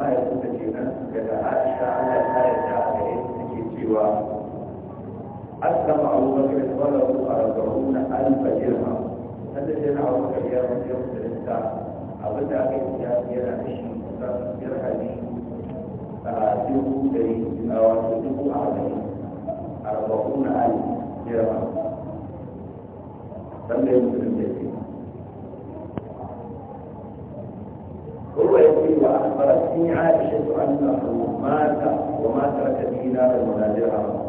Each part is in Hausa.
ma'aikun da ke nan daga aisha ya kare ta da yadda ke cewa asama abubakar da wala ku a rabaru na alfa girma san da jana abubakar ya rufe yau da rinta yi da shi kusan biyar hali a dubu da yi a wata dubu a hali a rabaru na alfa girma san yi mutum أمي عائشة أنه مات وما ترك دينا المناجرة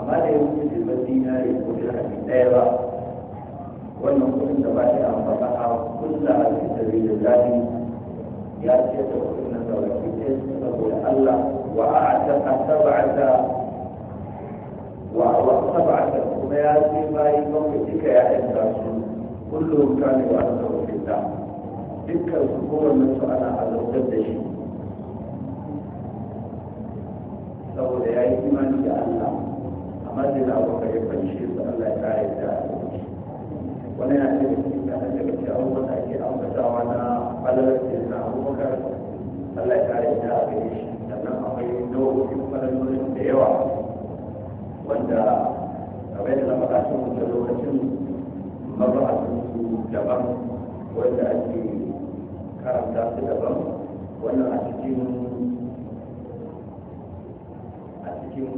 أما لا يمكن للمدينة يخرجها في الدائرة والنقص إن تباشي أن فتحها كلها في سبيل الله يا سيدة وإن توكيت اسمه الله وأعتق سبعة وأوصف على ما في بايكم بتكايا الدرس كلهم كانوا أنظروا في الدعم dukkan su kowanne su ana azabtar da shi saboda ya yi imani da Allah amma da na abokan ya fashe su Allah ya kare da wani ce da cikin kanan ce an wata ke ake fata na falalar da na abubakar Allah ya kare da a gare shi sannan akwai nau'o'in falalolin da yawa wanda kamar da na faɗa cikin lokacin maba'a su daban wanda ake karanta su daban wannan a cikin a cikin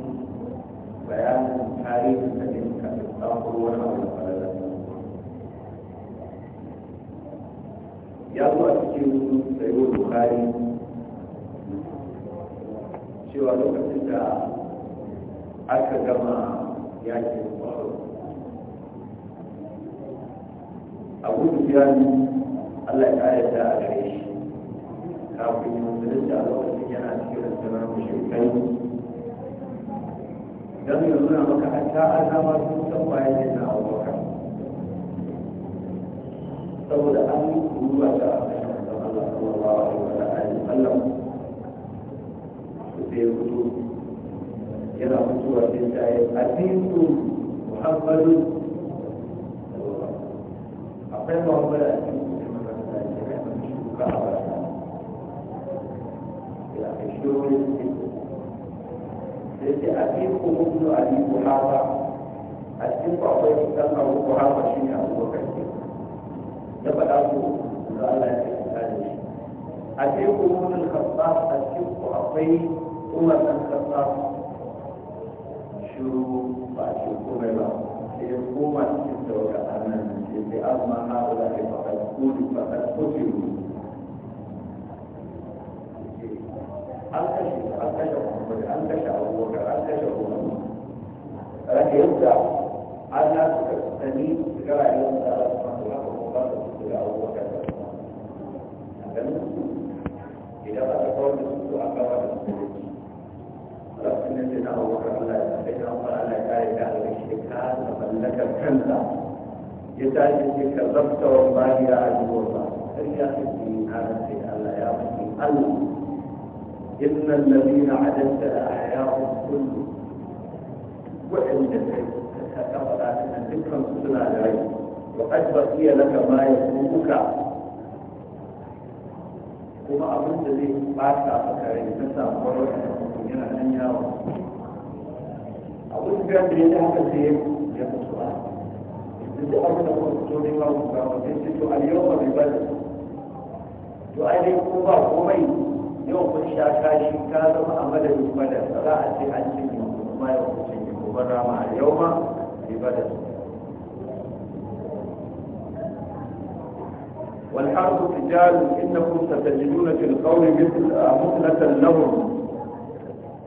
bayanin tarihin da ne kafin samun wani abu da fara ya zo a cikin sayo bukari cewa lokacin da aka gama yakin kwaro abu da Allah ya kare ta a gare shi kafin musulunci a lokacin yana cikin rundunar mushrikai dan yanzu na maka hatta azama sun san waye ne na abubakar saboda an yi ruwa da Allah sallallahu alaihi wa sallam sai ya fito yana fitowa sai ta yi hadisu muhammadu akwai muhammadu الكعبة يعني شو سيأتيكم ابن أبي قحافة أتيكم أبي سلمى أبو قحافة شيء أبو بكر يبقى أبو الله أتيكم ابن الخطاب أتيكم أبي عمر بن الخطاب شو ما أتيكم الله سيقوم أتيكم أمام أما هؤلاء فقد قولوا فقد قتلوا an kashe an kashe muhammad an kashe abubakar an kashe umar rage yadda an na suka sani suka rayuwar da ala su masu haka kuma ba su su da abubakar da kuma a ganin su idan aka kawar da su a kawar da su rasulun da na abubakar allah ya sai na umar allah ya kare da ala shi da kasa mallakar kansa ya tashi ce ka zafta wa ba ya ajiye ba sai ya fi na da sai allah ya fi allah إن الذين عددت أحياهم كلهم وإن تتحدث فلا تتحدث عن هي لك ما يسوقك وما أظن لي بعد فكرين مثل مرور من الدنيا أظن بأن بريد هذا الشيء يقول سؤال إذا أردت أن تقول سؤالي وأردت أن تقول سؤالي وأردت أن تقول سؤالي وأردت أن تقول yau kun sha kashi ka zama a madadin bada ba za a ce an cikin kuma yau kun والحرب رجال انكم ستجدون في القول مثل مثلة لهم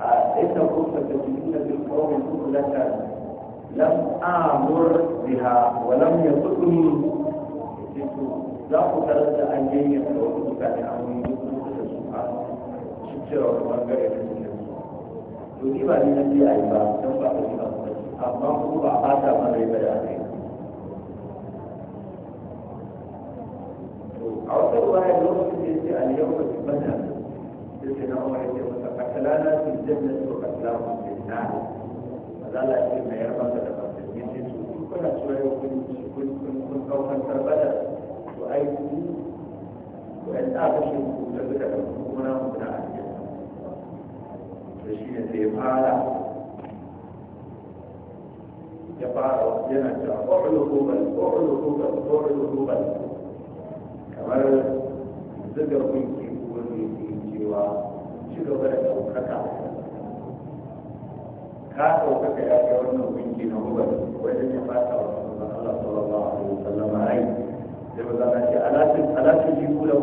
آه، انكم ستجدون في القول مثلة لم امر بها ولم يصدني لا اترد ان يجي القول مثلة لهم cewa kuma gare da to ni ba ni na ce a yi ba don ba ka yi ba amma kuma ba a ta ba rai bada da yi a wata ruwaya da ya ce aliyau ba su bata da ce na umar ya ce masa katalana su janna su katalamu su na mazala ya ce mai yarba da bakin ya ce su kuna cewa yau kun kun kun kun kaukan tarbada to ai ku ku ta kashe ku da suka ɗauki kuma na mutane da shi ne sai fara ya fara yana cewa ƙwaƙwalo kogal ƙwaƙwalo kogal ƙwaƙwalo kogal kamar zuga kunki ko ne cewa ci gaba da ɗaukaka ka ɗaukaka ya kai wannan kunki na hubal wajen ya fata wa sallallahu alaihi wasallam rai sai ba za a ce alatin alatin jihu da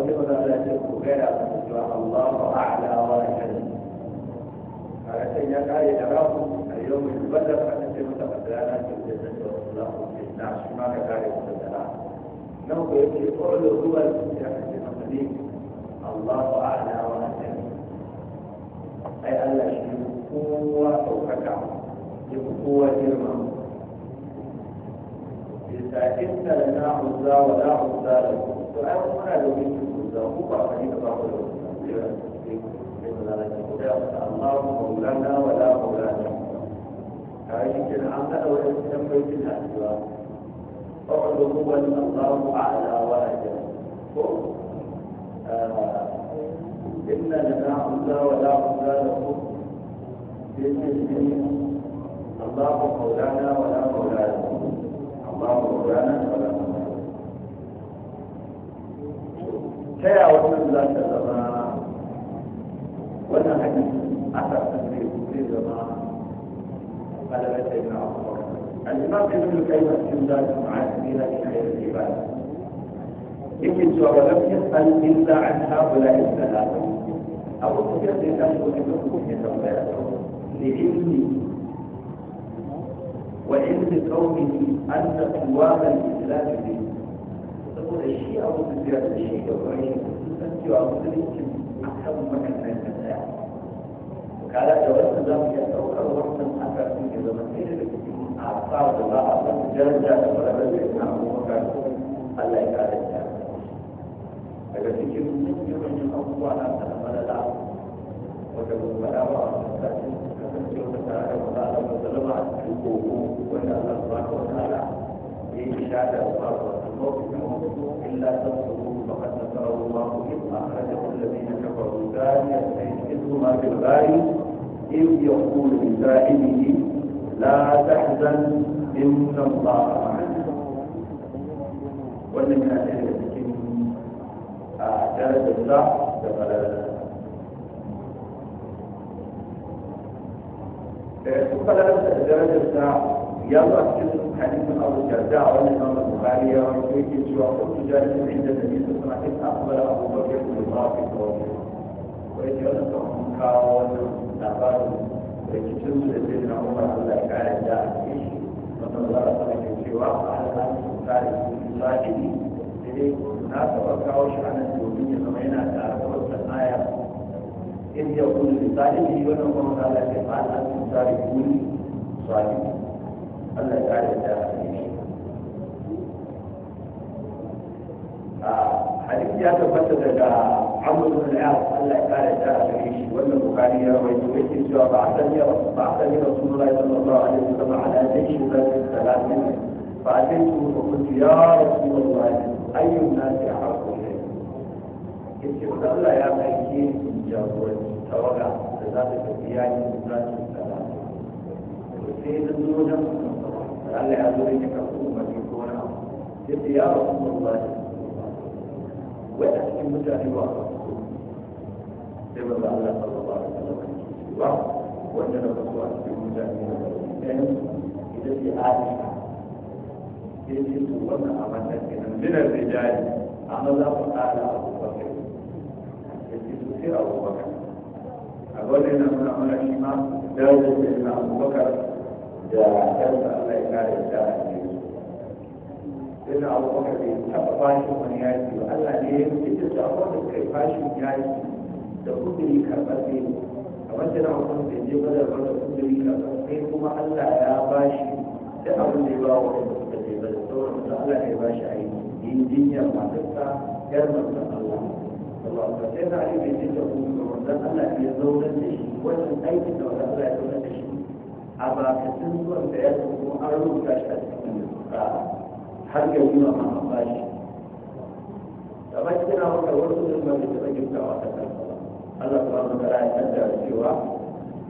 ولما لا تكون غير الله أعلى وأجل على سيدنا قال يراكم اليوم يتبلغ أن المتقدرات في الجنة والله في النار ما كان يتبلغ نوع يقول هو المتقدم الله أعلى وأجل أي ألا شيء قوة أو كعب قوة جرمه إذا كنت لنا عزى ولا عزى لكم فأنا هنا لو guda uku a kan da ba ku da Allahu maulana wa da maulana ta yi kira an da wani cikin baitin da cewa ƙwaƙwalo kuwan Allahu a'ala wa ajiyar ko inna da na da wa la hamza da ku Allahu maulana wa da maulana Allahu maulana wa la maulana شيء أو من لا تذبا وانا هكذا أثر تنبيه في زمان قال بيت ابن عمر الإمام ابن الكيمة سيدا جمعا سبيلا لحير الإبادة لكن سوى ولم يسأل إلا عن هؤلاء الثلاثة أبو سفير في كتبه من وعلم قومه أن قوام الإسلام لله saboda shi abu da jira da shi da wani san cewa musulunci akan waɗannan da tsaya kada da wannan za mu iya ɗaukar wannan akasin ya zama sai da cikin a sa da za a san daraja da farar da ya samu maka Allah ya kare ta daga cikin manyan abubuwa na da wanda ba faɗa ba a kasashen kasancewa ta tare da maza Allah zalama a cikin koko wanda Allah ba ta wata الموت إلا تنصروه فقد نصره الله إذ أخرجه الذين كفروا ثاني إذهما في الغار إذ يقول لسائله لا تحزن إن الله معنا وإن من أهل الذكر أعتاد آه، الله تفلالا فقد درجة الساعة يلا كل hadisin abu jarda a wani imam bukhari ya wani yake cewa kuntu jalisun inda nabi sallallahu alaihi wasallam aqbala abu bakr bin rafi tawfi ko yake wannan kan mun kawo wannan labarin rikicin su da sai na umar Allah ya kare da a cikin shi wannan za a sanar da cewa a halin tsari su zahiri sai dai na taɓa kawo shi a nan domin ya zama yana da alƙawarsa aya in ya kudu da zahiri wannan kuma Allah ya fa'ala su zahiri ne zahiri Allah ya kare da hadisi ya tabbata daga Amr ibn al-As Allah ya kare da shi wannan Bukhari ya rawaito yake cewa ba asali ya ba asali Rasulullahi sallallahu alaihi wasallam ala jayshin min salatin fa ataitu fa qultu ya Rasulullah ayyu nasi ahaqu yake Allah ya aike jagoranci tawaga da za ta tafi yayin da za ta salatin sai da zuwa Allah ya zo ya kafa umarni ko wani abu sai sai ya rasu wallahi wai a cikin mutane ba sai ba za Allah sallallahu alaihi wasallam ba wanda na fasu a cikin mutane na ɗayan ita ce Aisha sai ce to wannan a wannan kenan dinar rijali amma za ku a da kansa Allah ya kare da a cikin su sai na abubakar bai taɓa bashin wani yaki ba Allah ne ya yi da sabon da kai bashin yaki da kudiri karɓar ne kamar da na abubakar bai je bazar ba da kudiri karɓar sai kuma Allah ya bashi da abin da ya ba wa wanda suka je bazar sauran da Allah ya bashi a yi jinyar matarsa yar matar Allah Allah sai na ali bai je da kuma wanda Allah ya zaunar da shi wannan aikin da wanda Allah ya a bakatun zuwan da ya kuma an rubuta shi a cikin har yau yi ma bashi. Da kamar kira wata wasu zulma da taɓa giftawa ta kan Allah ta wani gara ya kaddara cewa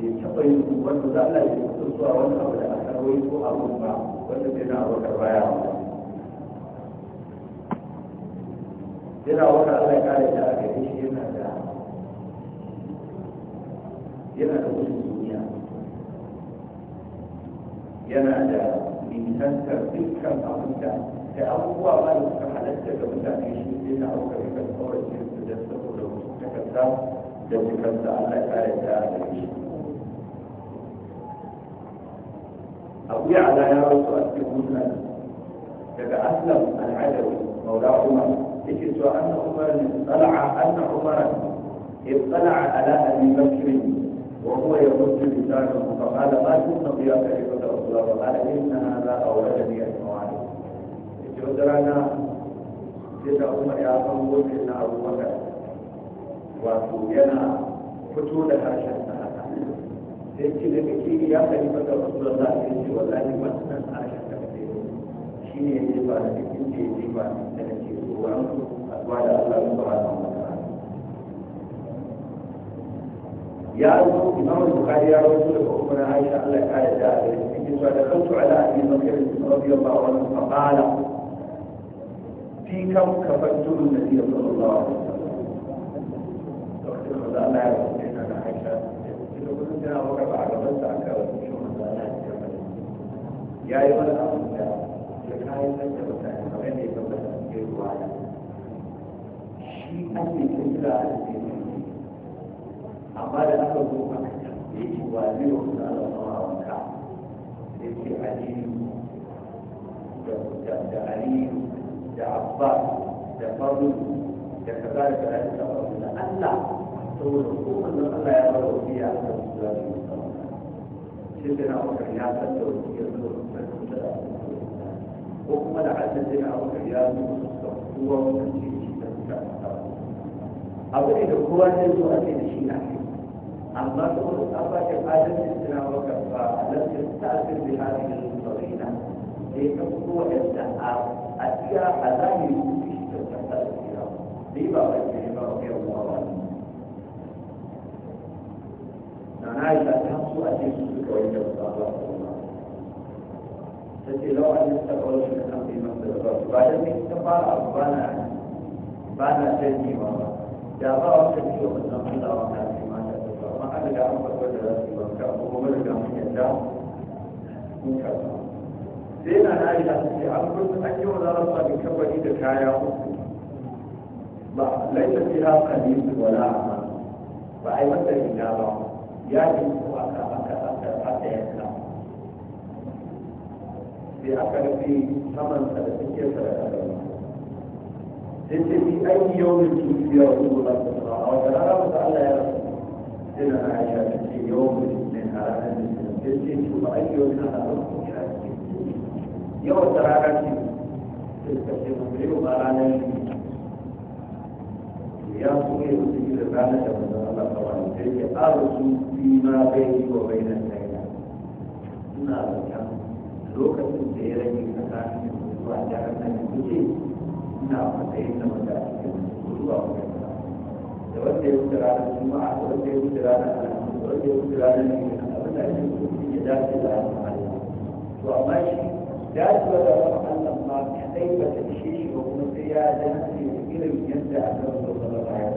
ya taɓa yi wanda za Allah ya fito zuwa wani abu da aka rawai ko abun ba wanda zai na abokar baya ba. yana wata Allah ya kare ta a gare shi yana da yana da wasu yana da intantar dukkan abin da da abubuwa ba da suka halatta da mutane shi sai na auka rikar kawai su da saboda takarda da cikarsa Allah ya kare ta da shi abu ya ala ya rasu a cikin musnad daga aslam al'adawi maula umar yake cewa anna umar ne tsala'a anna umar اطلع على ابي بكر وهو يرد لسانه قال ما كنت ضياك لك رسول الله قال إن هذا أولدني أجمعان يجودرنا سيدنا عمر يا أبو سيدنا أبو بكر wato yana fito da harshen sai da kake ya kai maka wasu da za a yi ce wallahi wannan harshen da kake shi ne ya ba da cikin da ya jefa da kake tsoron a da Allah ba wa يا رسول إمام البخاري يا رسول أمنا عائشة الله تعالى ذلك إني دخلت على أبي بكر رضي الله عنه فقال فيكم كفرت النبي صلى الله عليه وسلم فقال الله يا رسول إننا عائشة إذا كنت وقف على رسعك وشو من ذلك يا أيها الأمر لك هاي سنة وسنة وين يبقى بس يقول على شيء أنت تجرى على amma da aka zo a kan da ya ce wa zai wa kuma ala a wanka da ya aliyu da aliyu da abbas da fadu da kaza da kaza da kaza da allah saboda ko wannan allah ya bar wasiya a kan su zafi musamman shi na wakar ya san da wasiyar zuwa da ko kuma da hajjar sai na wakar ya zo da kowa wani ce shi da suka abu ne da kowa da kuma a ce da shi na أما تقول أبا كفاية الإسلام وكفاء لم يستأثر بهذه القرينة لتقوى الدعاء أشياء لا يمكن تتأثر فيها لما وجهه رضي الله عنه معناه إذا تحصوا أتيت بك وإنك الله تجي لو أن يستقعوا من أمر مثل الرب بعد أن يستقع أبانا بانا تجي مرة جاء الله تجي ومن أمر an da an farko da za su bauta ko kuma da mun yadda mun karɓa sai na na yi asiri an kusa an yi wa zara su abin kabari da kaya uku ba laifin fi haka ne su wala amma ba a yi masa riga ba ya yi su aka aka aka aka yanka sai aka rufe samansa da suke sa da ƙarfi sai ce ni aiki yau da tufiya wa zuwa a wata rana ba Allah ya سنة عائشة في يوم من هذا المسلم وأي يوم هذا يوم تراكتي تستشير على ya kuma yi wasu yi da rana da manzan Allah kawai da yake ƙara su fi ma bai yi wa bai nan kaina suna zaton lokacin da ya rage tsakanin zuwa jihar nan kuke ina matsayin da mata a cikin zuwa wani da wanda ya wuce ranar juma'a wanda ya wuce ranar alhamis wanda ya wuce ranar na abin da ake so ya dace da ranar allah to amma shi dacewa da ranar allah ma kadai ba ta ishe shi ba kuma sai ya dace da irin yadda a kan sauran baya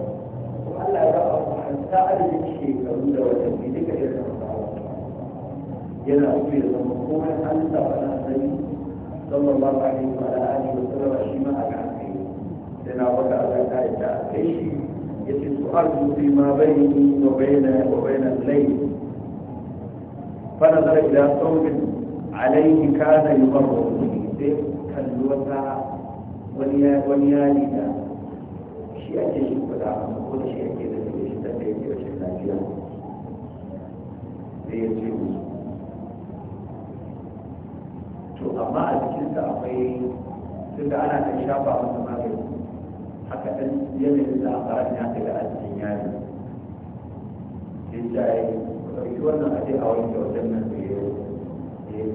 to allah ya raba mu an sa adadin shekaru da watanni duka irin ba, yana so ya zama komai an sa faɗa sani sallallahu alaihi wa sallam shi ma a kan sai na wata Allah ta yi ta kai shi yace su arzu fi ma bayni wa bayna wa bayna al-layl fa nazara ila sawbin alayhi kana yubarru sai kalli wata wani ya wani ya lida shi ake shi fada ko da shi ake da shi da da shi rashin lafiya sai ya ce to amma a cikin sa akwai tunda ana kan shafa masa magani aka ɗan yanayin da aparat ya kai a yari sai ta yi ɗauki wannan a ce a wani kyautar nan da yau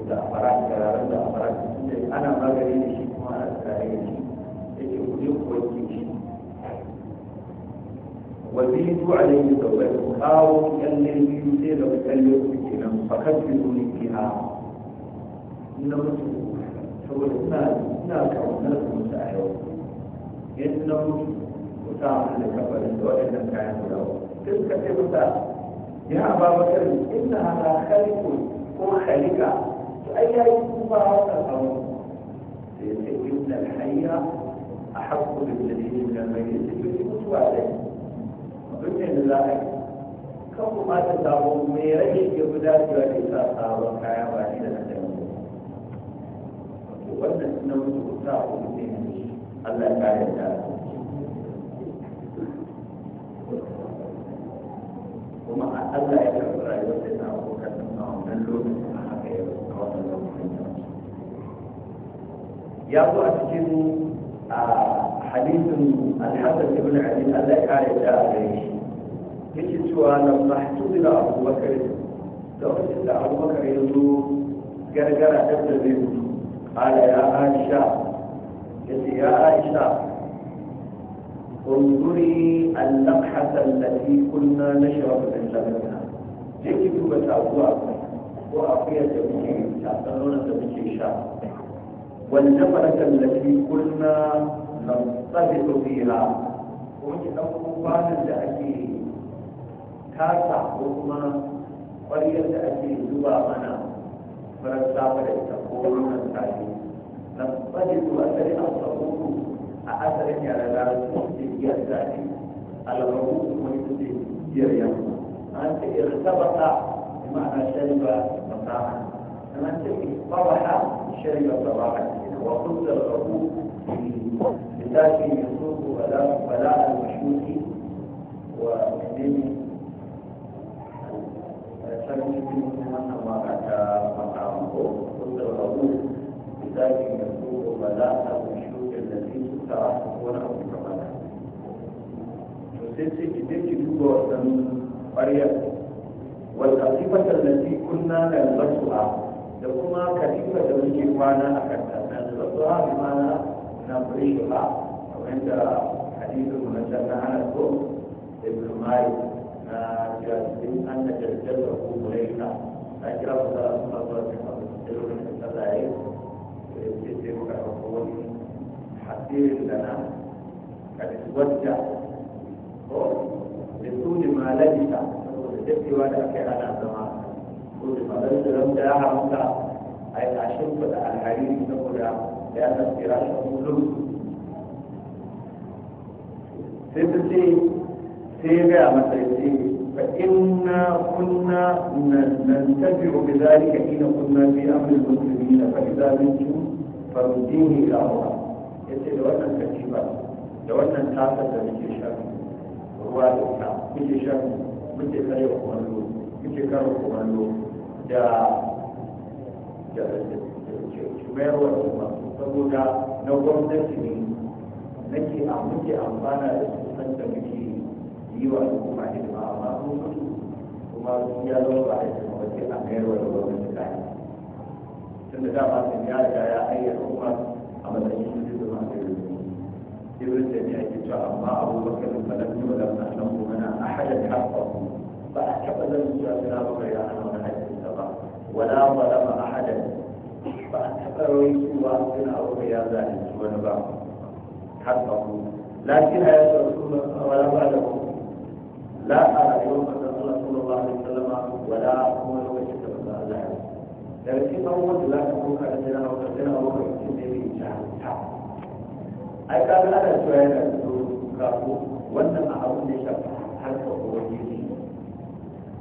da aparat kararar da aparat da ana magani da shi kuma ana tsare da shi ya ce ku je ku wanke shi wazidu alaihi tawbatu ku kawo kyallin biyu sai da kyalle ku kenan fakar fi zuni na mutu saboda ina ina kaunar su a yau in na mutu ku sa mun da kafarin da waɗannan kayan guda duk ka ce masa ya ba bakar inna hada khaliqu ko khaliqa to ai yayi kuma wata tsaro sai ya ce inna alhayya ahaqqu bil ladhi min al-mayyit to mutuwa dai abin da za a yi kan kuma ta samu mai rage ke guda cewa ke sa sabon kaya ba ni da na da wannan na mutu ku sa ku ne Allah ya kare ta kuma a Allah ya karɓi rayuwar da ta abokan a wannan lokacin a haka yau a wannan lokacin ya zo a cikin hadisin alhassan ibn ali Allah ya kare ta a gare shi yake cewa nan ba hatu da abubakar lokacin da abubakar ya zo gargara da zai mutu قال يا يا عائشة انظري اللقحة التي كنا نشرب من لبنها ليك توبة أبواب وأقية بكي تعتنون بكي شاء والجبلة التي كنا ننطلق فيها ومن أبوان الأكيد كاسع وما قرية الأكيد زبابنا منا فرسابة تقول من تأكيد ننطلق أثر الصبور أثر على العرب الذاتي الغموض والمسلم جريان أنت اختبط بمعنى شرب مساحة أنت اصطبح شرب صباحا وقلت الغموض بذاته يصوب بلاء بلاء المشوك ومن شرب المسلم أنه ما كان مقامه قلت الغموض ذلك يكون بلاء الشوك الذي تتعرف ولا أمر sai sai ki je ki duba wannan ƙwaryar wata sifatar da ke kunna da rasuwa da kuma kalifa da muke kwana a kanta na rasuwa bi mana na furishuwa kamar da hadisin mu na can na hana ko da bulmai na jirgin an da jirgin da kuma na kira ku da su masu wasu kamar da jirgin da ta zai ce sai muka ɗauko wani hasirin da na ka wajja ko da su ne malalita saboda daɗewa da aka yi ana zama ko da malalita ran da ya hamuka a yi ashin kuɗa alhariri saboda ya tafsira shi a kullum sai ta ce sai ya gaya masa ya ce فإنا كنا ننتفع بذلك حين كنا في أمر المسلمين فإذا منتم farudini ila ruwa ya ce da wannan katifa da wannan tasar da muke shafi ruwa da ta muke shafi muke wa kumallo muke karya kumallo da da mayarwa kuma saboda na gwamnati ne nake a muke amfana da su san da muke yi wa al'umma hidima amma sun mutu kuma sun ya zama ba a yi kuma sai a mayarwa gwamnati tunda dama sun ya riga ya ayyana umar a matsayin shi da masu yi ibn da ne ake cewa amma abubakar falasni wa lam na'lamu mana ahadan haqqahu ba a taɓa zan zuwa suna baka ya ana wani haƙƙinsa ba wala zalama ahadan ba a taɓa rawaituwa suna baka ya zalunci wani ba haqqahu lakin a yasa rasulullah wala ba da لا على يوم صلى الله عليه وسلم ولا هو daga cikin abubuwan da za ka koka da jira a wajen jira a wajen cikin da yake jahanta ai ka ga ana cewa yana so ka ko wannan a abin da ya shafi har ka kowa ne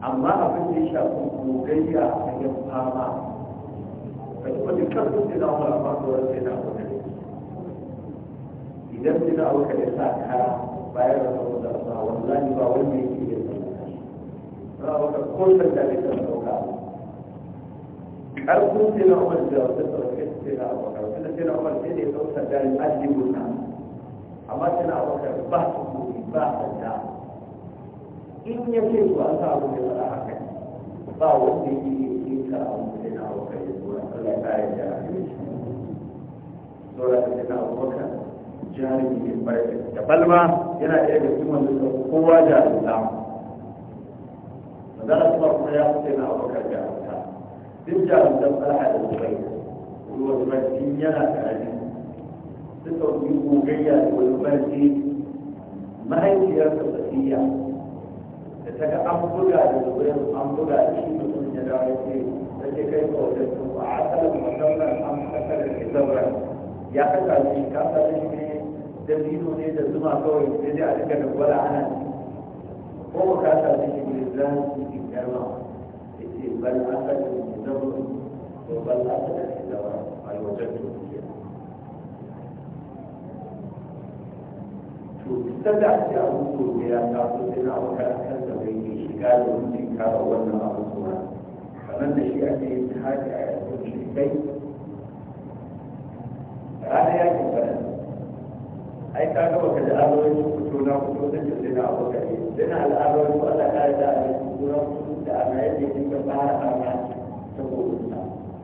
amma abin da ya shafi gogayya a yin fama ka kuma dukkan sun jira a wajen ba su wajen jira a wajen idan jira a wajen ya sa kara bayan da kawo da ba wallahi ba wanda yake yin sa ba wata ko sanda da kan sauka kun sai na umar da wata sauƙi sai na abubakar kuma sai na umar sai ne ya sauka da ya ajiye amma sai na abubakar ba su gobe ba sanda in ya ce ku an sa abu da wani haka ba wanda ya yi yin karamu sai na abubakar ya zuwa Allah ya kare da rayuwar shi saboda sai na abubakar jarumi ne barka da balma yana a da cikin wanda kowa jarumta. Zara kuma ya fi sai na abubakar jarumta. duk da wajen fara da zubai ruwan barci yana karami suka yi gogayya da wani barci mahaifiyar da tafiya da ta ga an buga da zubai an buga da shi mutum ya dawo ce ta ce kai ka wajen su a asalin musamman an kasar da zaura ya kasa shi kasa shi ne da bino ne da zuma kawai sai dai a daga da gwala ana ko ka sa shi ne zan su ki karma ya ce bari an بل أبدا إنما أي وجدته tada a mutu da ya taso sai na kan da bai yi shiga da wannan abubuwa, kamar da shi ake yin haka a yankin shi kai rana ya ke fara ai ka ga baka da alawai fito na fito da ke sai na abokan yi sai na al'adar ko ala kare da a da ana yadda yake fara amma saboda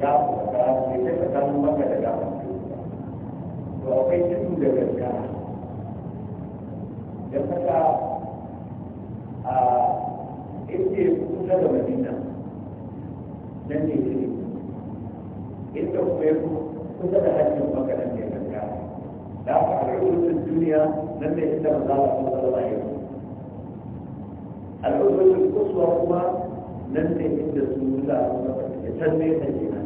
ya kuka ta ka maka da to akwai da gaskiya da a inda da madina nan ne inda kuma ya kusa da hajjin maka nan ne gaskiya da aka al'ummar duniya nan ne inda maza da kusurwa kuma nan ne inda su nuna a da ne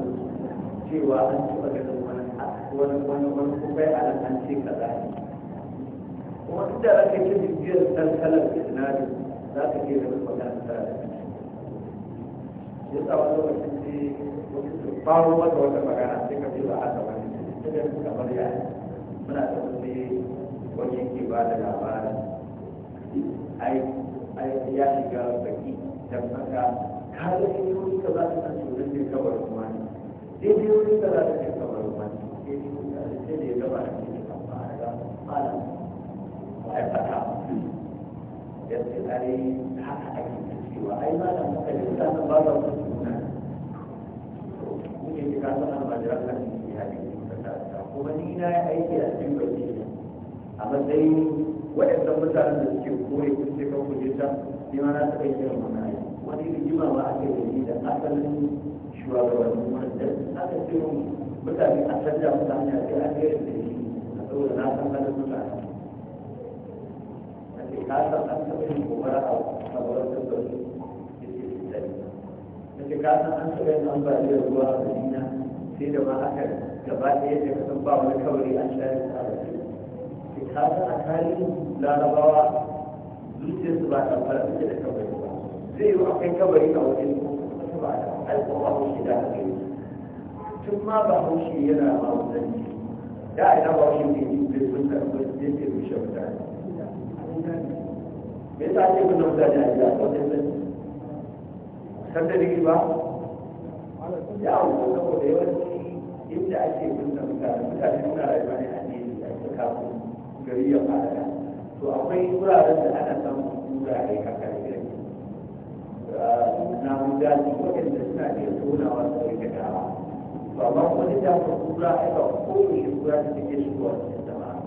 cewa an taɓa daga wani wani wani wani kubai a ala an ce kaza ne kuma duk da aka yi bibiyar tattalin isnadi za ka ke da magana ta da ya sa wani lokacin ce wasu su faro mata wata magana sai ka ce ba a ba ne sai da kamar ya muna da wani wani yake ba da labarin ai ai ya shiga baki dan haka ka yi shi wani ka za ka san shi wurin da kawai kuma ne daidai wani da za ta ce kamar wani daidai wurin da ta ce da ya da ke kamar a ga malam ba ya ce ai haka ake ta cewa ai malam maka da za ta ba da wani suna kuke ji kasu an ba jira kan yi ya ne kuma ni na ya aiki a cikin baki a matsayin waɗannan mutanen da suke kore kun ce kan kuje ta ni ma na taɓa yi irin wannan aiki wani rigimawa ake yi da asalin shugabannin wanda aka ce mutane a canja musu hanya sai a jere da shi a saboda na san halin mutane a ce ka san an taɓa yin gobara a kabarar da sauki da ke fitari na ce ka san an taɓa yin ambaliyar ruwa a madina sai da ma aka gaba ɗaya da kasan ba wani kawai an shayar da alaƙi ke ka san a tarihin larabawa zuciyarsu ba ta fara suke da kawai zai yi akwai kabari a wajen ba alƙawa haushi da aka yi tun ma ba haushi yana ba wajen da a ina ba haushi ne yi zai sun karɓi zai ce rushe mutane me yasa ake kuna mutane a gida a wajen zai san da rigi ba ya wuce saboda yawanci inda ake kunna mutane mutane suna rayuwa ne a ne a kafin gari ya fara to akwai wuraren da ana samun wurare kakare na'udaji waɗanda suna iya tonawa su rika dawa ba ma wani da ka kura ai ba kowane kura da take shigowa cikin jama'a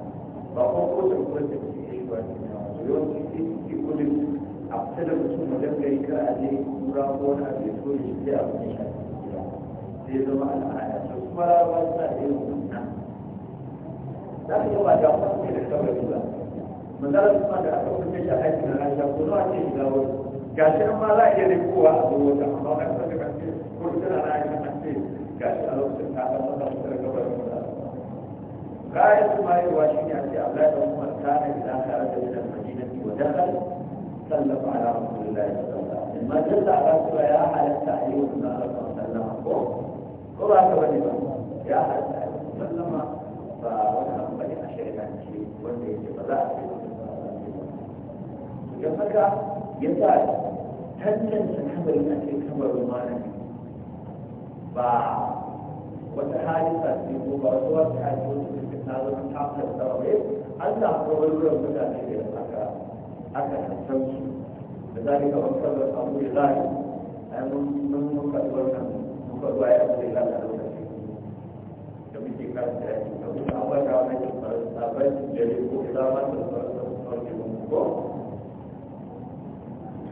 ba ko kowace kura da take shigowa cikin ba, yau yawanci sai suke gudun a fita da mutum wajen ka a je kura ko wani abu ya so shi sai abu ya shafi gida zai zama al'ada to kuma rawa suna da yin wannan za ka yaba da kuma da kawai ba manzara kuma da aka kusa shi a aikin rana ko nawa ce shiga wani ga shi ma za a iya da kowa a zo wajen amma na kusa da kanci ko tana na yi kanci ga shi a lokacin ta ga wannan kusa da gabar kusa kayan su ma yi wa shi ne a ce Allah da kuma ta na gida tare da gidan Madina ko dakal sallama ala Rasulullahi sallallahu alaihi wasallam man dalla ala kuwa ya halatta a yi wannan Allah sallama ko ko ba ka bane ba ya halatta a yi sallama ba wani abu bane a shari'ance wanda yake ba za a yi wannan ba. Don haka yasa tantance kabari a cikin kamar malami ba wata hadisa ce ko ba wata wata hadisa wata cikin nazarin tafiyar sarari an wani kabarin mutane da aka aka tattan su da zai ga wata da abu da zai a yi mun mun karɓar nan mun karɓar ya abu da lokaci da muke karanta ya ce kabu da abuwa da wani da sabai da ya ko da zama da sauran sauran ko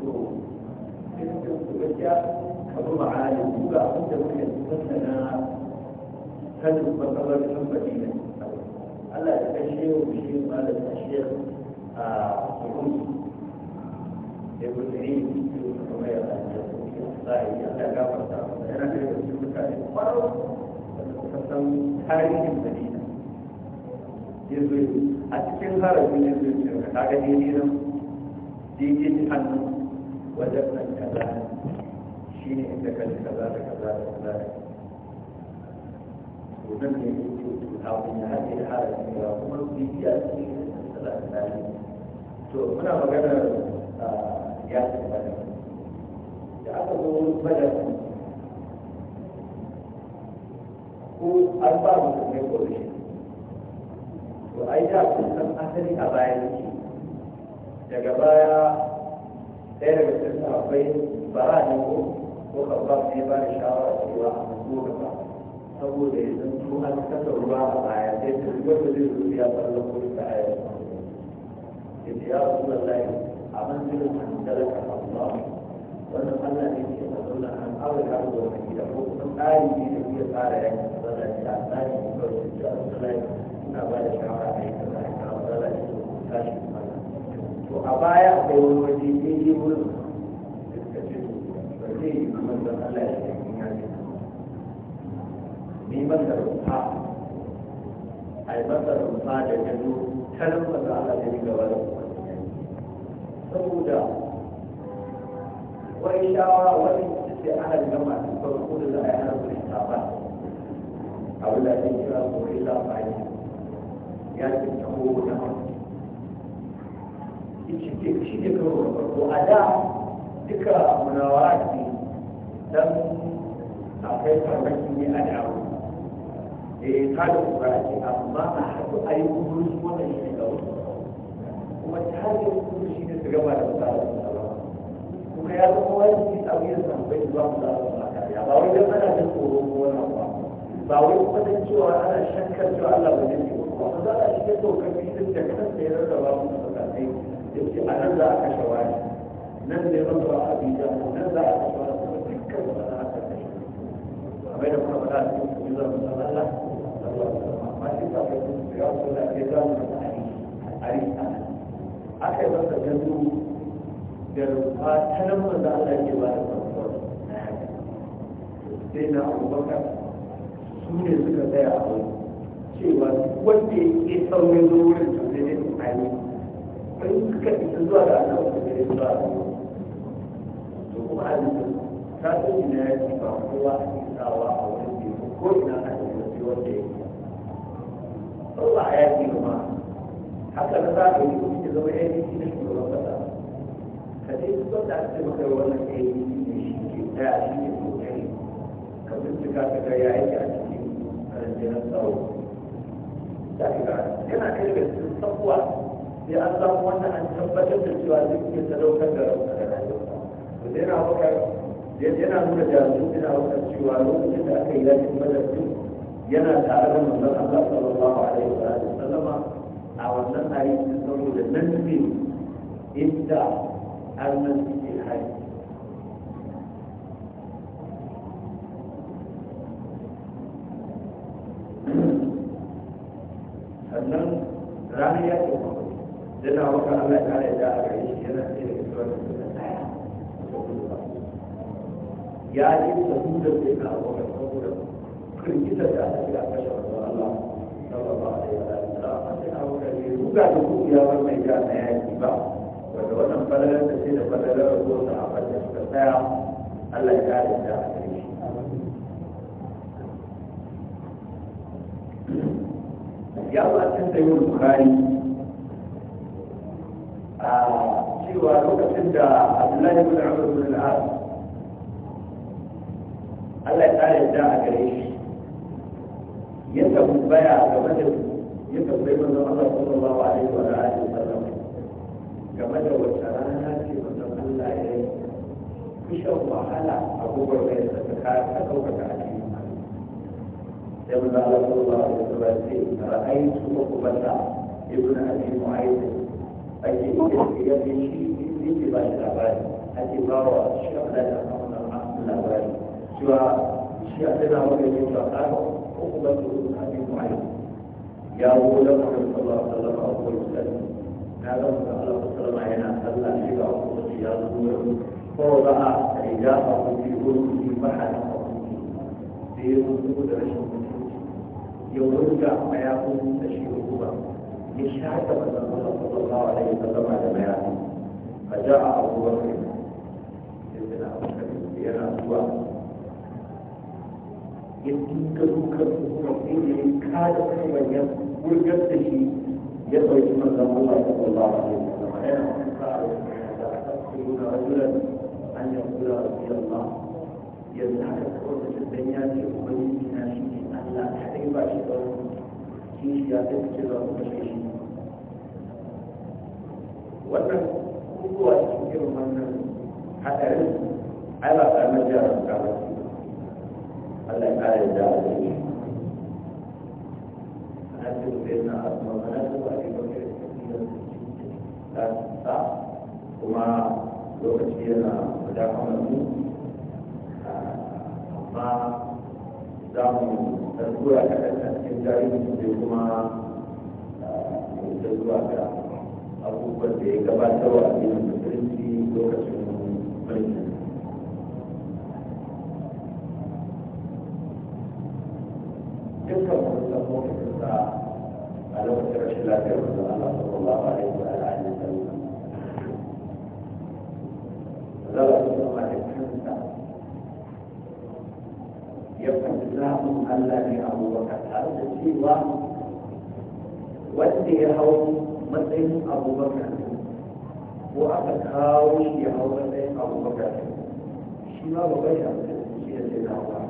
to cikin ku gaskiya abu ma'ali ku ga abin da muke tattauna kanin matsalar kan ne Allah ya kashe wa shi malam tashiyar a kurun ibn Zayd kuma ya rayu ya Allah ya gafarta masa yana da cikin mutane farko da suka san tarihin madina yanzu a cikin harafin yanzu ka ga daidai nan daidai hannun وجدنا كذا شيء عندك كذا كذا كذا ونمي وتعطينا هذه الحالة ومن في يأتي الثلاث ثاني تو هنا بقنا آه، يأتي بدل يعتبر بدل هو أربعة مسلمين كل شيء وأيضا كنت أثري أبايا daga baya ɗaya daga cikin akwai bara ne ko ko kabba ne ba da shawara cewa a mutu gaba saboda ya san su an kasa ruwa a baya sai ta zubar da zai zuci ya fara lokacin da a yau ya ce ya rasu da lai a manzilin an dalaka Allah wannan Allah ne ke mazauna an awaka da wani gida ko kuma tsari ne da ya tsara yanki zana ce a tsari ne kawai da ya rasu da lai ina ba da shawara a yi kaza a kawo zana ce ko tashi to a baya akwai wani waje daidai wurin da zai yi kamar don Allah ya yi ya ce ni ban da rufa a yi da rufa da ta zo ta nan masa Allah ya riga wani saboda wani shawara wani ce ana da masu farko da za a yi hana su shafa a wula ne kira ko ila bayan ya ce ta ko na shi ne karo na farko a da duka munawara ce don a kai farmaki ne a da eh ta da kuma ce amma a haɗu a yi kuburin wannan shi ne karo kuma ta da kuma shi ne su gaba da mutane kuma ya zama wani abu ya samu bai zuwa mu zaɓa ba kariya ba wai dan ana jin tsoro ko wani abu ba wai kuma dan cewa ana shakkar cewa Allah ba zai ba ba za a shiga dokar fitin da kansa ya rarraba mu da tsakanin yake a nan za a kashe wani nan zai rasa a abuja nan za a kashe wani kuma dukkan wani za a kashe kamar da kuma ba faɗa a cikin kuma zan musa Allah amma shi ba kai sun su yawon kula ke za mu rasa a yi a nan aka yi masa gano da rufa ta nan manzo Allah ke ba da kwanfar sai na abubakar su ne suka tsaya a wani cewa wanda ya ke saurin zuwa wurin su zai ne su in suka isa zuwa da ana wata gare ba to kuma a jikin ta sani na yaki ba kowa a isawa a wani biyu ko ina a cikin wasu wanda ya ke sau ba a yaki ba haka na za ka yi kuma zama yaki shi ne shugaban kasa ka ce su da aka taimaka wannan yaki ne shi ke daya shi ne kokari ka bincika ka ga ya yake a cikin karantinan tsaro da ka yana kai da sun sabuwa sai an samu wannan an tabbatar da cewa zai iya sadaukar da rauka da rayuwa to yana baka yana nuna da su yana baka cewa lokacin da aka yi yakin badar yana tare da manzon Allah sallallahu alaihi wa sallama a wannan ayyukan saboda nan ne inda annan suke hari sannan ranar yakin لنا وقع الله تعالى إذا أعيش هنا في يا جيب سهولة بك وقت سهولة كل جدا جاءت إلى بشر الله صلى الله عليه وسلم وقع تقول يا رب جاء نهاية بقى ولو فلا تسير فلا لا رسول صحابة يستطيع الله تعالى إذا أعيش يا الله أنت يقول البخاري cewa lokacin da abdullahi bin amur bin al'ad Allah ya tsara yadda a gare shi ya tambaya game da ya tambayi manzon Allah sallallahu alaihi wa alihi wasallam game da wata rana ce manzon Allah ya yi kushen wahala a gobar mai tsaka ta ɗaukaka a cikin sai manzon Allah sallallahu alaihi wa sallam ya ce ra'ayi su ko kuma ibnu abi mu'ayyid ake iya shi yake ba shi labari ake ba wa shi a da kamar masu labari cewa shi a tana wani yin ba ko kuma su a cikin ma'ai ya wo da mutum sallallahu alaihi wa sallam na ga mutum Allah sallama yana sallah shi ga wasu ya zo wurin ko za a riga a kuma yi wurin yi mahal a kuma sai ya zo da rashin mutunci ya kuma ga mayakun da ba لشهادة صلى الله عليه وسلم على ميعاده فجاء أبو بكر سيدنا أبو بكر يرى أبوه يمكن كذوك المسلمين كاد من يرجع شيء يدعو من الله صلى الله عليه وسلم أنا رجلا أن يقول رضي الله يزعك كل الدنيا في أمنيتنا شيء أن لا تحرم شيء شيء يا تذكر وشيء wannan kuwa cikin irin wannan hadarin ai ba karamar jarar ka ba Allah ya kare da A alheri ana cikin bai na asma mana ko a cikin kai da da ta kuma lokaci yana da kamar mu amma za mu tsarkura kaɗan da cikin tarihi sai kuma da eh, zuwa ga abubuwan da ya gabatarwa a cikin musulunci lokacin mulkin dukkan wani sabon kusa a lokacin rashin lafiyar wanda Allah sallallahu alaihi wa alihi wa sallam zaba su kuma da kansa ya fadi zaɓin Allah ne abubakar har da cewa wanda ya hau matsayin abubakar ko aka kawo shi ya hau matsayin abubakar shi ma ba bai da shi da ce na ba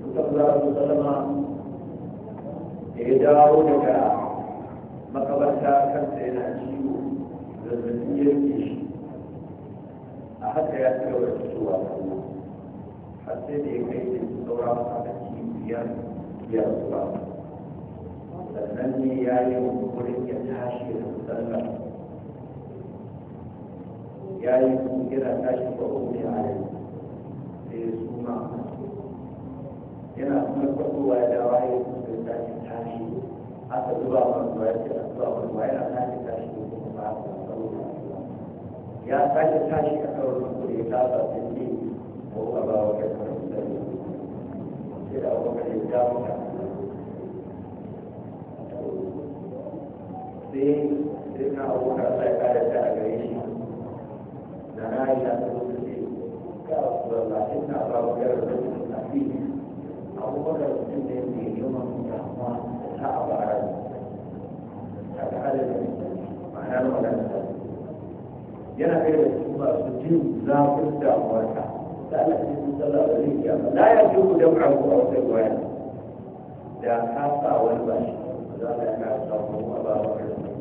kusan za su salama da ya dawo daga makabarta kansa yana ciwo zazzabi ya rike shi a haka ya tsira da fitowa har sai da ya kai da saura masa a cikin biyar biyar zuwa sannan ne ya yi wurin ya tashi da sallah ya yi kira tashi ba ko ne a yi sai ya suma yana kuma kwaɗowa da waye da tashi tashi aka zuba wani ya ce a zuba wani yana tashi tashi da kuma ba a saboda ya tashi tashi a kan wani ya kasa da ne ko a ba wa kai karfi da ne sai da abokan ya ja mutane سيدنا أبو بكر الله يبارك له عليه da ra'ayi da su ce ga wallahi na ba ga rubutu na fi abubakar mutum ne mai yawan damuwa ta abara ta ga adadin ma'anar magana ta yana kai da su ba su jin zafin damuwa ta da Allah ya yi sallah da zai iya ba la ya ji ku da ma'abu a wata gwaya da ka sa wani ba shi za ka yi ka sa mu a ba wa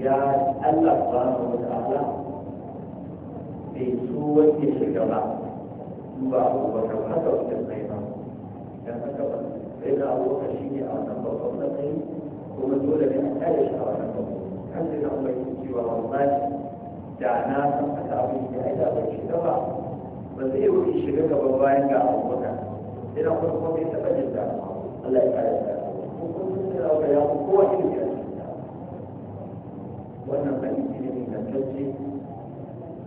ya Allah subhanahu wa ta'ala bai so wanda ya shiga ba duba abubakar haka wata sai ba dan haka ba sai da abubakar shi ne a wannan babban matsayi kuma dole ne a kare shi a wannan babban kan sai da umar yin cewa wallahi da na san a ta abin da ya bai shiga ba ba zai wuri shiga gaba bayan ga abubakar sai da kuma kuma bai taɓa jin da Allah ya kare shi ko kuma sai da ya kowa ilimi wannan hadisi ne ingantacce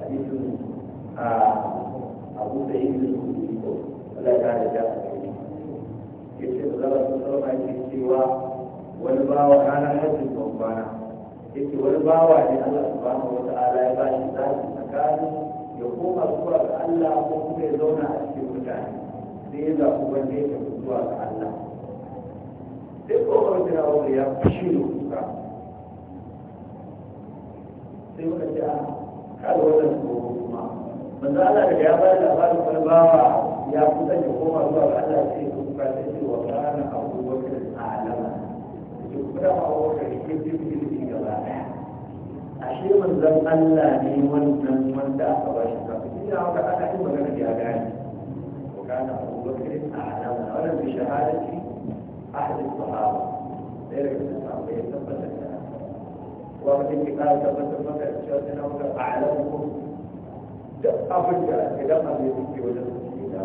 hadisin a abu da yin da su yi ko wala ta da ta a gari ya ce da zaba sun sarrafa yake cewa wani bawa rana hajjin bambana ya ce wani bawa ne allah subhanahu wa ta'ala ya ba shi zaɓi tsakanin ya koma zuwa ga allah ko kuma ya zauna a cikin mutane sai ya zaɓi wanda ya tafi zuwa ga allah sai kowa wani ya fashe da kuka sai muka ce a kada wannan gobe kuma manzo Allah da ya bayar da labarin farbawa ya kusa ya koma zuwa ga Allah sai ya kuka sai ce wa kana Abu Bakar alama to kuma Abu Bakar ke cikin cikin gaba daya ashe manzon Allah ne wannan wanda aka ba shi kafin ina haka ana yin magana da ya gane وكان أبو بكر أعلم ولم بشهادة أحد الصحابة ذلك الصحابة يثبت أن ومن الكفاية تبسم مكة الشيطان وكا أعلمكم أفضل أتلقى بيديك وجدتك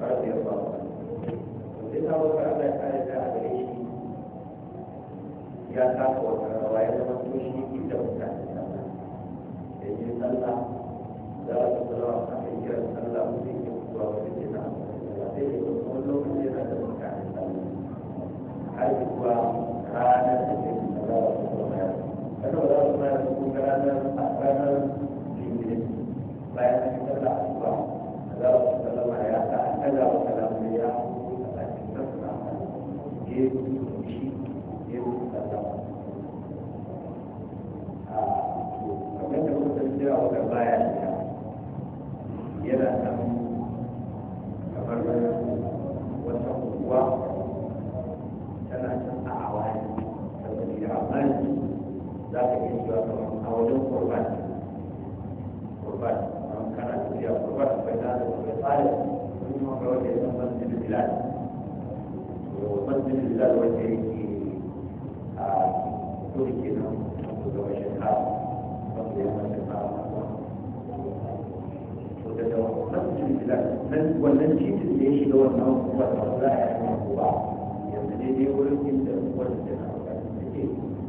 رضي الله عنه وإذا وقع الله تعالى عليه ya taka wata rawa ya zama to shi inda mutane sallah da yi sallah za a ta salawa a kan kiran sallah mutum ya kuwa wani ke na sai da kuma wani lokaci yana da mutane sallah har kuwa ranar da ke salawa kada ba za su ma yanzu ko ga ranar ranar jimbe bayan da da ya ta a cikin shi a yana nan kamar ranar za ka iya cewa kamar a wajen kurban kurban kamar kana tafiya kurban akwai na da kuma tsarin sun yi maka wanda ya san masjidin bilal masjidin bilal wanda yake a kuri kenan wato gaba shekara wanda ya mace fara to daga masjidin bilal nan wannan titin da ya shiga wannan kurban ba za a yi kuma ba yanzu daidai wurin inda wannan da na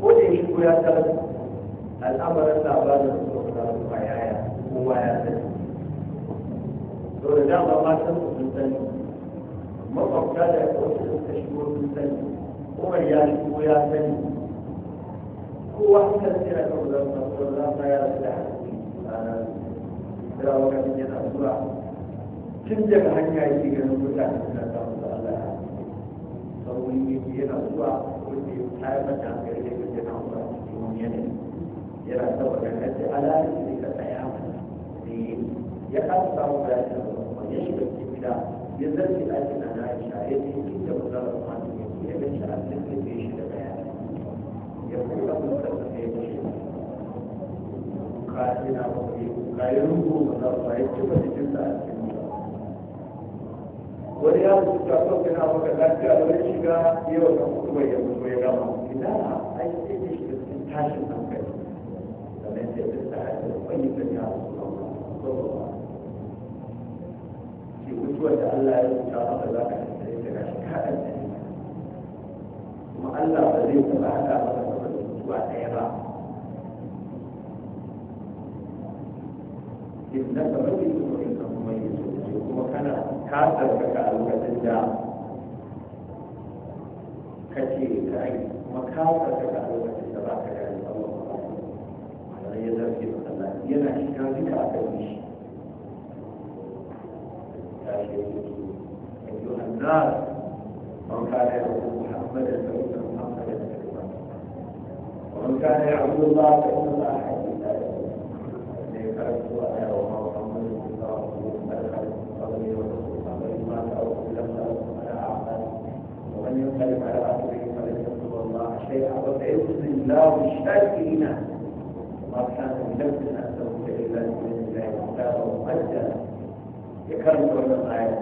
ko da yake ko ya san al'amarin labarin da suka fara su yaya kowa ya sani to da dama matan su sun sani makwabta da wasu da suka shigo sun sani umar ya shigo ya sani kowa hankali sai da kan zama sauran zama ya rasu da hankali ranar da wakilin yana zuwa tun daga hanya yake ganin mutane suna samun da Allah ya sauri yake yana zuwa wanda ya tayar da hankali yanayi yana saboda kaji alaƙi ne ka tsaya ne ya ƙasa samu bayan da kuma ya shiga cikin gida ya zarce ɗakin na ne ya ga shi a cikin da shi da bayani ya kuma kuma da kuma ya ce ka ina ba ku ka ba za ya ci ba sa a wani ya mutu ta na kana maka lafiya wani shiga yau ka kuma ya mutu ya gama ina tashin hankali kamar yadda ya fita a yau wani kan ya rasu ce mutuwar da Allah ya rubuta maka za ka tattare ta gashi kaɗan da ne kuma Allah ba zai taɓa haɗa maka saboda mutuwa ɗaya ba in da ka mafi so in ka kuma yi so kuma kana ka tsarkaka a lokacin da kace ka ai kuma ka tsarkaka a lokacin da ba ka da sannan ya zarce masallaci yana shiga duka a kan shi ya ce musu ayyuha nas man kana yaqulu muhammadan fa inna muhammadan rasulullah wa man kana yaqulu allah fa inna allah hayyun la yamut ne karatu ana wa muhammadan sallallahu alaihi wa sallam ومن ينقلب على عقبه فلن يضر الله شيئا وسيجزي الله الشاكرين ما كان من نفس ان تموت الا باذن الله تعالى وقد ذكرنا ولا الايه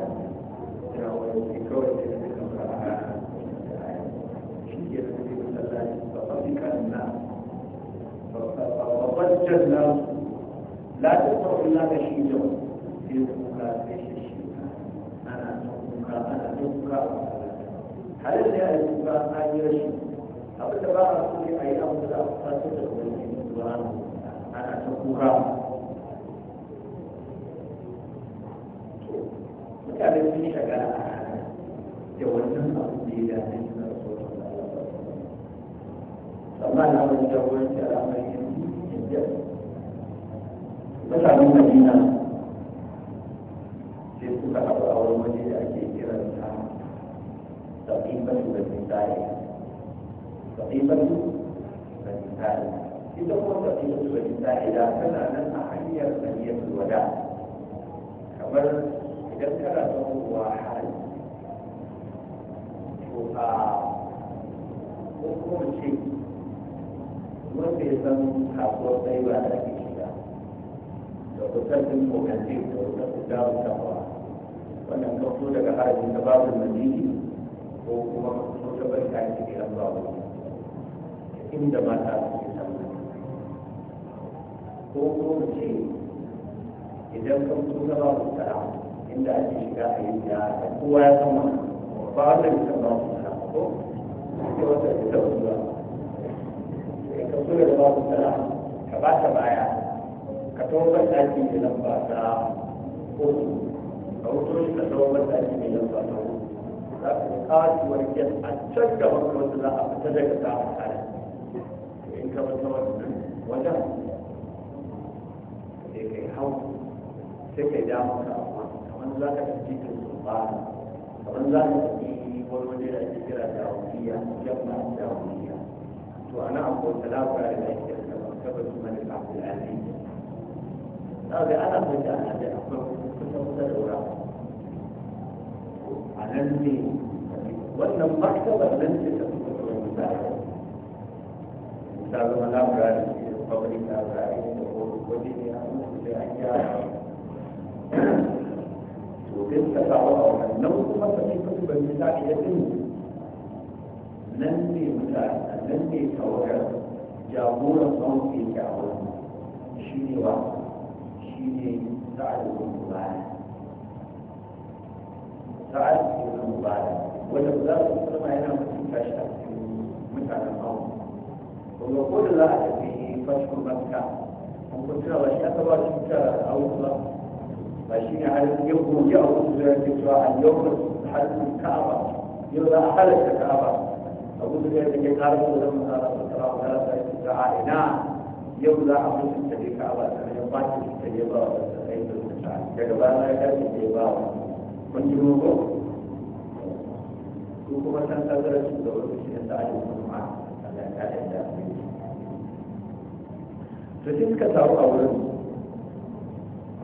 لا تسمع الا بشيء في انا انا هل لا يكون ان يشيء أبدا بقى أقول أي أمر لا أفضل ana ta kura mutane sun yi shagara a da wannan abu da ya dace so amma na wani a mutanen madina sai suka a wani waje da ake kiranta da da da ita kuma safiya su sa'ida tana nan a hanyar safiya wada kamar idan kana son ruwa hali to a hukumar wanda ya san kasuwar tsayuwa da ake shiga da kusurcin kokanci da kusurcin dawo tafawa wannan kafto daga harajin da babu majini ko kuma kafto ta barka ne ke inda mata ko ko ce idan ka fito zama mutara inda ake shiga a yi da kowa ya san wannan ba wanda bisa ba mutara ko ita wata ita wata ka fito da ba mutara ka ba ta baya ka tofa ɗaki da lamba ta kotu ka wuto shi ka tofa ɗaki da lamba ta kotu za ka yi kasuwar kyan a can gaban kotu za a fita daga samun kare in ka fito wajen sai kai hau sai kai dama ka kamar za ka tafi ta sulfana kamar za ka tafi wani waje da ake kira da wuriya yamma da wuriya to ana akwai talaba da ake kira da martaba su mani kafin aziz za ga ana mai da ana da akwai kusa kusa da wura a nan ne wannan martabar nan ce ta fi kusa da wuri ta zama labirari public labirari da ko وبه يقوم بأيام وتلك دعواهم أنه مثلا كتب النساء يتم نني مثلا نني توعد جابورا صوتي كعوان شيني واحد شيني سعد بن مبارك سعد بن مبارك ولو ذلك السماء هنا متكشف في متعلم الأمر ويقول الله به فتح مكة an kuntuna ba shi aka ba shi ta aure ba ba shi ne har yau gobe a wasu da ke cewa a yau da harkar ka'aba yau za a halatta ka'aba abu da ya ke kara da zama na rasu tara a rasa ya ce a ina yau za a mutunta ne ka'aba sannan ya ba shi ta ne ba wa da sai da mutunta daga baya ya dace da ya ba wa kun ji mu ko ko kuma san tazarar su da wani shi da sa'adin kuma a ya da da sai suka taru a wurin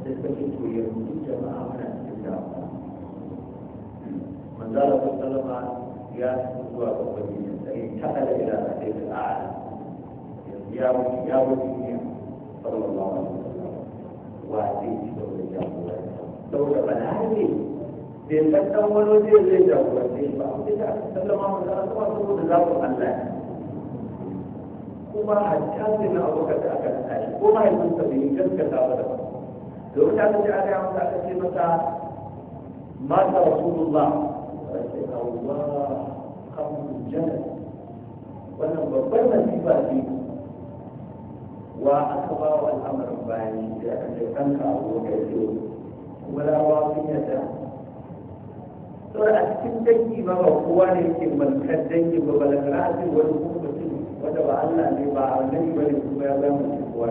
sai suka ce to yanzu jama'a muna cikin damuwa manzala ta salama ya tafi zuwa ga sai ta ala ila a sai ta ala ya wuce ya wuce ne sallallahu alaihi wasallam wa ci da wani jagoranta saboda bala'ari bai san dan wani zai zai jagoranta ba sai ta sallama manzala ta salama saboda zaɓin Allah ne kuma hatta sai na abokan da aka nata shi ko mahaifinsa bai gaskata ba da ba wata ta kace aka yamma ta kace masa mata rasulullah sai Allah kamar jannah wannan babban nasiba ne? wa aka ba wa al'amarin bayan da aka ce kanka abokan ce kuma rawa sun yadda saboda a cikin dangi ma ba kowa ne yake malkar dangi ba balagana a cikin wani wanda ba Allah ne ba annabi ba ne kuma ya zama kowa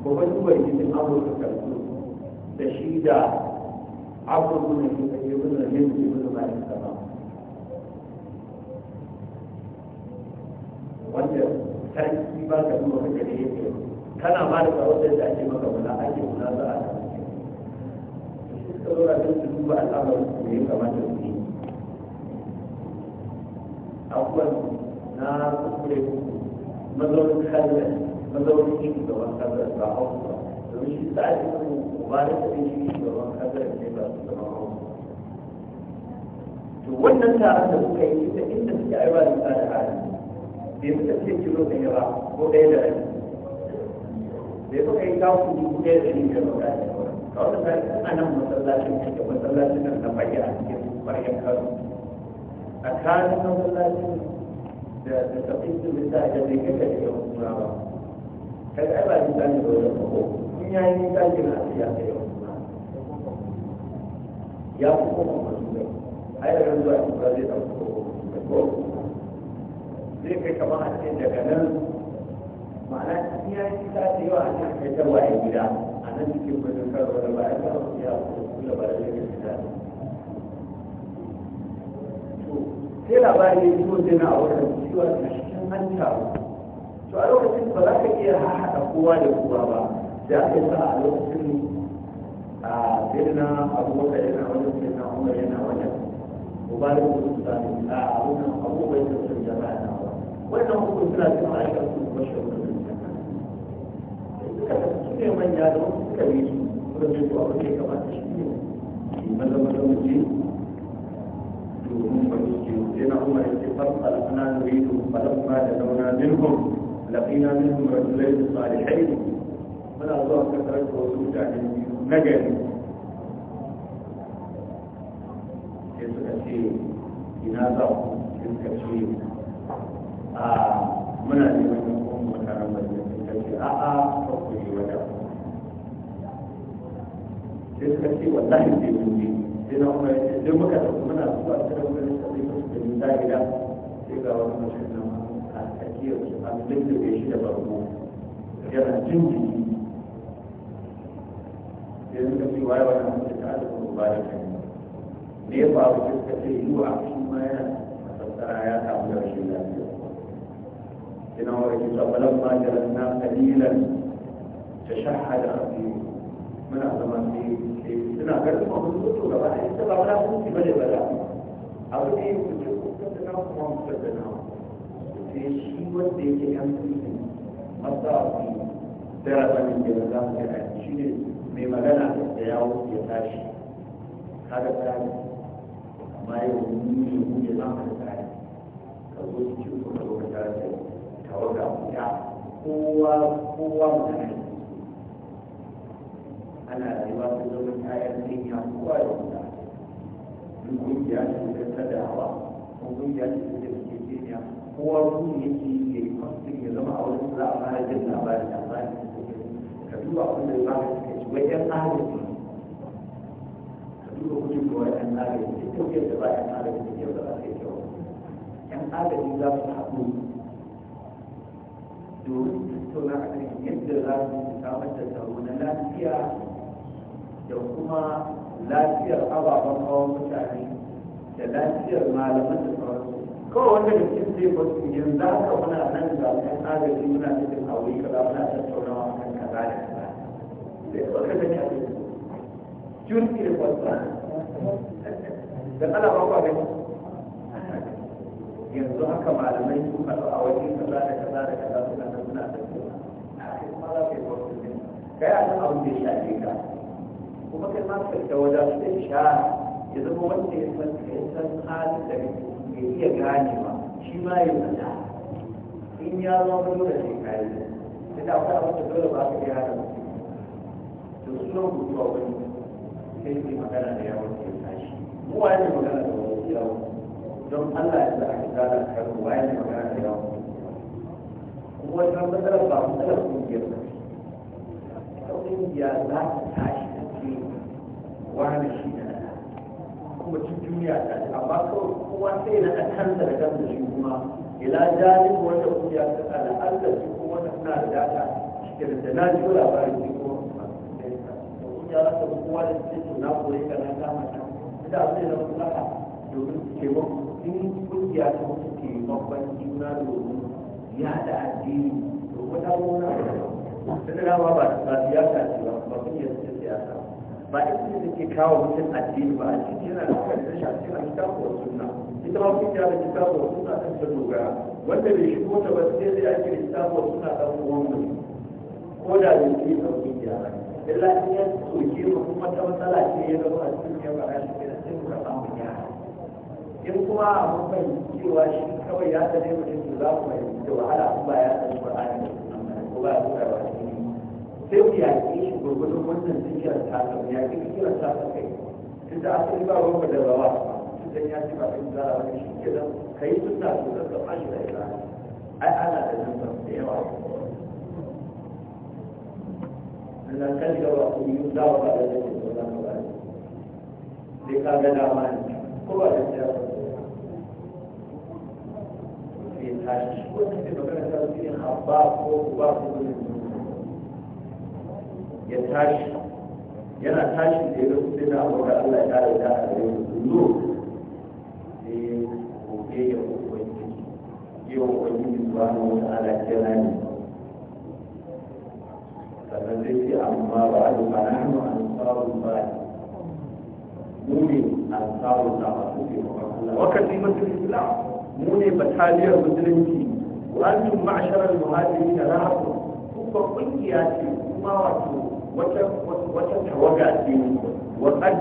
ko ba su bai cikin amurka kansu da shi da abubuwan da ke kai ibn al-hayy ibn malik sama wanda sarki ba ka kuma kake da yake kana ba da tsaro da ake maka wala ake kula za a ta shi suka zo da su duba al'amarin su ne kamar da su ne abubuwan na kuskure muku mazaunin kallon mazaunin shi gaban kallon ba hausa domin shi ba da tsarin shi gaban kallon ne ba su zama hausa to wannan taron da kuka yi ita inda suke aiwa da tsari hali bai muka ce kilo ɗaya ko ɗaya da rabi bai kuka yi kawo kuɗi ko ɗaya da rabi ba ka wata tsari ana nan masallacin da masallacin nan na bayyana cikin ƙwaryar karo tsakanin masallacin da da tafi su bisa da bai kai kai ga kuma ba kai ai ba ni tani ba da ko in yayi ta tani na ya kai ga kuma ya ku ko ba su ne ai da ran zuwa ku ba zai dauko ko zai kai kama a cikin daga nan ma'ana in yayi ni tani yawa a cikin kai tarwa a gida a nan cikin bazin karo da ba ya kawo ya ku da ba da zai kai sai labari ya zo zai na a wurin cewa da shi an taru to a lokacin ba za ka iya haɗa kowa da kowa ba da aka sa a lokacin a birna abubakar yana wajen birna umar yana wajen ubarin wasu sami a abunan abubuwan da sun jama'a na wannan hukun suna cikin ma'aikar su kuma shawarar da suka su ne manya da wasu suka yi su wurin da su abin da ya kamata shi ne maza maza mu وهم فكيوا سيدنا عمر فانطلقنا نريدهم فلما دنونا منهم لقينا منهم رجلين صالحين فلا الله كثرته وسوء عن نجم يسكتي جنازة يسكتي muna neman yan uwan mu taron bayyana suka ce a a ba ku yi wajen sai na umar ya ce muka tafi muna zuwa cikin wani sabbin musu da nisa gida sai ga wani mutum nan a tsakiyar su a lullube shi da barko yana jin jiki sai suka ce waye wani mutum ta alifin mubarak ne ya faru sai suka ce yi wa shi ma yana masassara ya samu da rashin lafiya sai na umar ya ce falamma jaranna kalilan tashahhada afiyu muna zama sai suna ganin masu mutu gaba da ita ba ta abinci ba ne ba da abu ne ku ce ku kasa na kuma mu kasa na sai shi wanda yake yan kuɗi masa abu da rabanin da za mu gana shi ne mai magana da yawo ya tashi kada tsari amma yau ni ne mu ne za da tsari ka zo cikin kuma zo ka tashi tawaga mu ya kowa kowa mu ana rayuwa ta zama kayan cinya kowa ya wuta in kungiya ta wuta ta dawa ko kungiya ta wuta ta cinya kowa su ne ke yi kwamfin ya zama a wajen za a fara jin labarin labarin ka duba abin da ba ka ci wai yan agaji ka duba gudun da wai yan agaji duk kyau yadda ba ya yan agaji yau da ba sai kyau yan agaji za su haɗu domin tattauna a kan yadda za su samar da tsaro na lafiya da kuma lafiyar ababen hawan mutane da lafiyar malaman da sauransu kawai wanda da cikin zai wasu yanzu haka muna nan ga kan agaji muna cikin aure kaza muna tattaunawa akan kaza da kaza sai kawai ka gani a cikin jirgi da kwasa da ala ba kwa gani yanzu haka malamai sun haɗu a waje kaza da kaza da kaza suna nan suna tattaunawa kai a nan abin da ya shafe ka kuma kai ma ka ta wajen da ishara ya zama wanda ya san ya san halin da ya iya gane ba shi ma ya fada in ya zama dole da ka yi sai da akwai abin da dole ba ka iya hada to suna gutuwa wani sai ke magana da yawon da ya tashi kowa ne magana da wani yawon don Allah ya sa a kira da karu waye ne magana da yawon kuma wajen matsalar ba matsalar kungiyar ba ta kungiya za ta tashi wani shi da na kuma cikin duniya ta amma kawai kowa sai na kan da kan da shi kuma ila jani wanda kuma ya ta ala Allah shi ko wanda suna da data cikin da na ji labarin shi kuma ya rasa kowa da cikin su na kore ka na kama ta da abin da kuma haka domin taimako in kungiya ta mutu taimakon juna domin yada addini to wata wani abu da ba ta siyasa ce ba ba kun ta ya ba ba ita ce ke kawo mutum addini ba a cikin yana da kan shafi a kitabu wa suna ita ma kuma da kitabu wa suna ta ta dogara wanda bai shigo ta ba sai zai ake kitabu wa suna ta kuma mutum ko da bai ke ta kuma ya ba illa in ya soke ma kuma ta matsala ce ya zama a cikin ya a shi kenan sai kuka samu ya in kuma a mun cewa shi kawai ya tsare mutum to za mu fahimci da wahala kuma ya a yi da sunna ko ba ya ba. sai ku yaƙi shi gurgudun wannan zikiyar tasar zikiyar tasar kai tun da asali ba ruwanka da rawa tun ya ci ba kan zara wani shi ke zan ka yi suna su zan zama shi da ila ai ana da nan ban da yawa Allah kan ga wa ku yi za ba da zai ko za ka ba sai ka ga dama ne ko ba da ta sai tashi shi wanda ke magana ta su ne ko ba ne ya tashi yana tashi da ya rufe da abu da Allah ya kare da a gare su zo ne gobe ya ubangiji yi wa ubangiji subhanahu wani ta'ala kira ne sannan zai ce amma ba a duka na hannu an tsaro ba mu ne an tsaro ta masu taimakon Allah wakati islam mu ne bataliyar musulunci wa antum ma'sharal muhajirin rahabu kuma kungiya ce kuma wato وتتوقع فيه وقد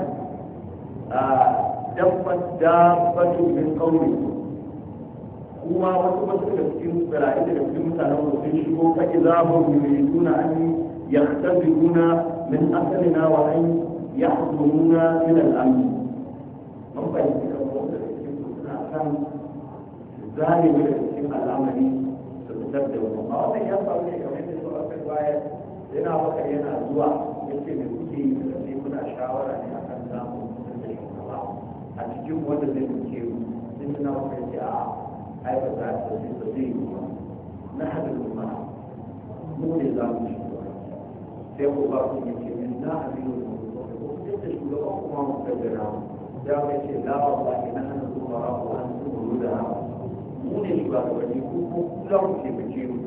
دفت دابة من قومه kuma wasu wasu daga cikin birayi daga cikin mutanen mu sun shigo ka iza mu yuriduna an yahtabiruna min asalina wa an yahduruna min al-amn mun fahimci kan wasu daga cikin suna kan zalimi daga cikin al'amari su fitar da wani a wannan ya faru ne kamar yadda sauran baya yana baka yana zuwa yake mai kuke da sai muna shawara ne a kan zamu da shugaba a cikin wanda zai kuke yi sai suna baka a ai da za sai ba zai yi ba na hadin kuma mu ne za mu shi sai ko ba ku yake min na hadin kuma ko da shugaba kuma mu kaddara ya mai ce lawa ba ke na hannun kuma ba ko an su mu da mu ne shugabanni ko ko za ku ke mu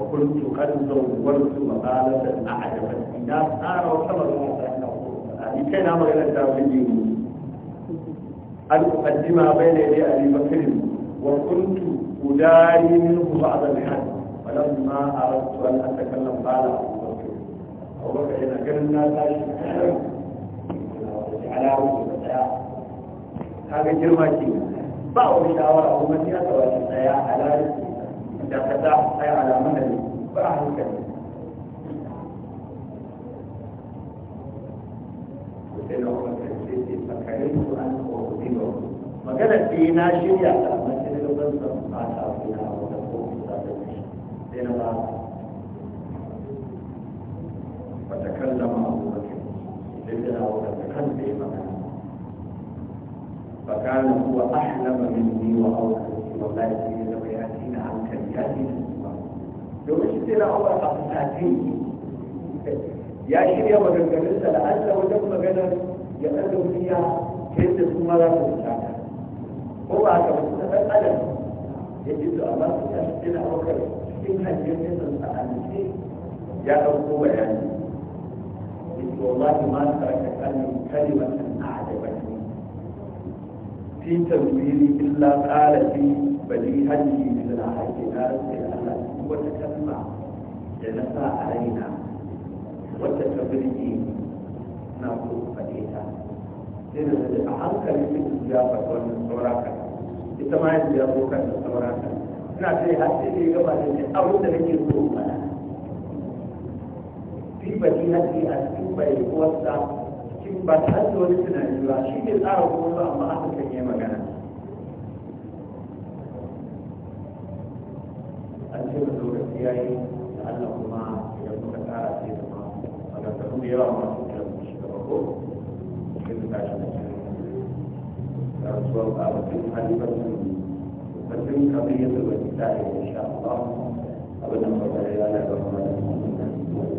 وكنت قد زورت مقالة أعجبتني لا أرى وصلى الله فإنه لكي نعمل إلى أن أقدمها بين يدي أبي بكر وكنت أداري منه بعض الحد فلما أردت أن أتكلم قال أبو بكر أبو بكر إذا كان الناس على وجه هذا جرمتي بعض الشاورة أمتي أتواجد على da إذا za hankali sai da wani karshe ce tsakarin su an kowa zilo magana ce na shirya ta mace da ban san ba ta fi na wata ko ta da shi sai na ba ba ta kallama abu ba ke sai da na wata ta kan da ya magana فكان هو أحلم مني وأوكل والله إذا يأتينا عن كلياتنا domin shi na awar a fusafi ya shirya maganganunsa da Allah wajen maganar ya ɗan duniya ta yadda su mara su fusata ko ba ka wasu na ɗan adam ya ji su amma su ta shi na awar cikin hanyar nesa a amince ya ɗauko bayani والله ما ترك قلبي كلمة أعجبتني في تدبيري إلا قال في بليهتي من العهد إلى wata kalma da na sa a raina wadda ta birge na ko faɗe ta sai da zai a hankali sai ya faɗi wannan sauraka ita ma yanzu ya zo kan sauraka ina sai har sai da ya gaba da shi abin da nake so mana ribati na ce a cikin bai wasa cikin ba ta hanzu wani tunani ba shi ne tsara kuma amma aka kan yi magana iyaye da Allah kuma idan muka tsara sai da ma maganganu da yawa ma su kira mu shiga bako sai mu tashi da shi da rasuwar ƙarfin halifatun batun kamar yadda ba ta yi insha Allah abin da ba ta yi ya ga kuma